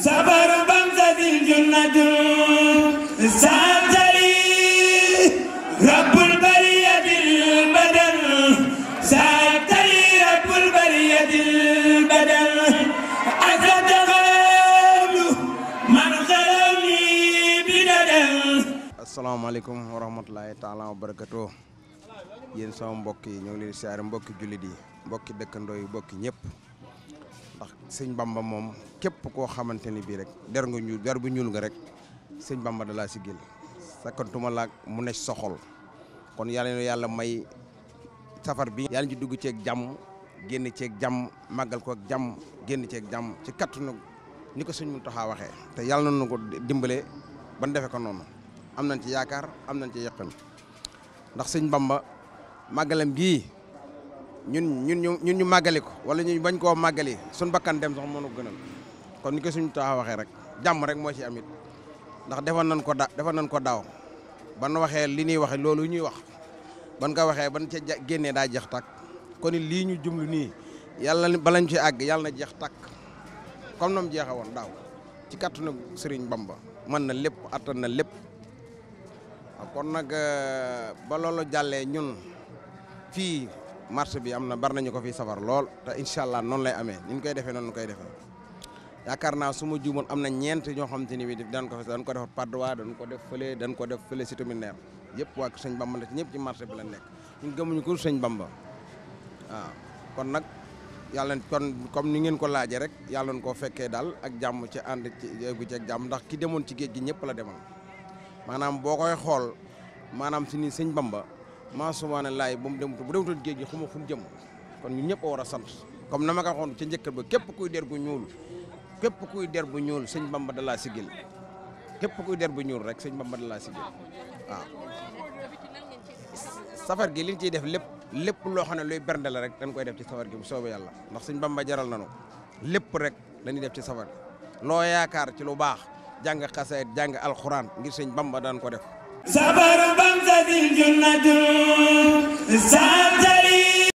sabaru bamsatil junnatu saatari rabbul bariyatil badal saatari rabbul bariyatil badal asataqalu man xalawni bidadal asalaamaaleykum wa rahmatulahi taala wa barakatuh yéen sama mbokk yi ñoo ngi leen siyaare mbokki jullit yi mbokki dëkkandoo mbokki ñëpp sëñ Bamba moom képp koo xamante ni bii rek der nga ñuul der bu ñuul nga rek sëñ Bamba da laa si génn sakkantuma laag mu ne soxol kon yàlla na yàlla may safar bi yàlla ñu dugg ceeg jàmm génn ceeg jàmm màggal ko ak jàmm génn ceeg jàmm ci kattanu ni ko sëñ Muntaxa waxee te yàlla nañu ko dimbale ban defe ko noonu am nañ ci yaakaar am nañ ci yaqin ndax sëñ Bamba màggalam gii ñun ñun ñu ñun ñu màggali ko wala ñu bañ koo màggali suñ bakkan dem sax mënu gënal kon ni ko suñu taax waxee rek jàmm rek moo ci amit ndax defoon nañ ko da defoon nañ ko daaw ban waxee li ñuy waxe loolu ñuy wax ban ko waxee ban ca génnee daa jeex tàkk kon lii ñu jumlu nii yàlla na balañ ci àgg yàlla na jeex tàkk comme nam jeexe woon daaw ci kàttanu Sëriñ Bamba mën na lépp attan na lépp kon nag euh, ba loolu jàllee ñun fii marché bi am na bar nañu ko fi safar lool te incha allah noonu lay amee ni ñu koy defee noonu koy defee yaakaar naa su ma juumoon am na ñeent ñoo xamante ni bi dañ ko fi dañ ko def Padois dañ ko def fële ko def fële Cité Mineire yëpp waa sëñ Bamba la ci ñëpp ci marché bi la nekk ñun gëmuñu ko sëñ Bamba waaw kon nag yàlla kon comme ni ngeen ko laajee rek yàlla koo fekkee daal ak jàmm ci ànd ci yeggu ci ak jàmm ndax ki demoon ci géej gi ñëpp la demoon maanaam boo koy xool maanaam si ni sëñ Bamba maa sumaane laay bu mu dem bu demutoon géej gi xuma fu mu jëm kon ñun ñëpp a war sant comme na ma ko waxoon ca njëkk ba képp kuy der bu ñuul képp kuy der bu ñuul sëñ Bamba da laa sigil képp kuy der bu ñuul rek sëñ Bamba da laa sigil safar gi liñ ciy def lépp lépp loo xam ne luy bernde rek dañ koy def ci safar gi bu soobee yàlla ndax sëñ Bamba jaral nañu lépp rek dañuy def ci safar gi loo yaakaar ci lu baax jàng xasaayid jàng alxuraan ngir sëñ Bamba daan ko def. ذي الجنة